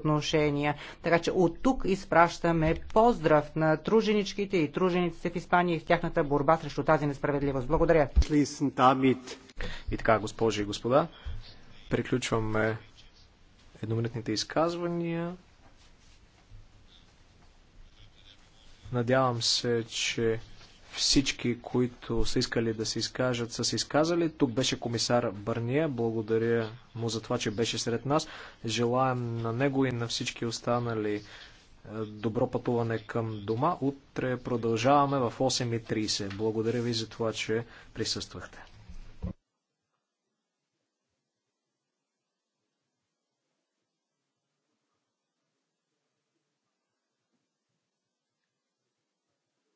отношения. Така че от тук изпращаме поздрав на труженичките и тружениците в Испания и в тяхната борба срещу тази несправедливост. Благодаря. И така, госпожи и господа, приключваме едноминутните изказвания. Надявам се, че всички, които са искали да се изкажат, са се изказали. Тук беше комисар Бърния. Благодаря му за това, че беше сред нас. Желаем на него и на всички останали е, добро пътуване към дома. Утре продължаваме в 8.30. Благодаря ви за това, че присъствахте.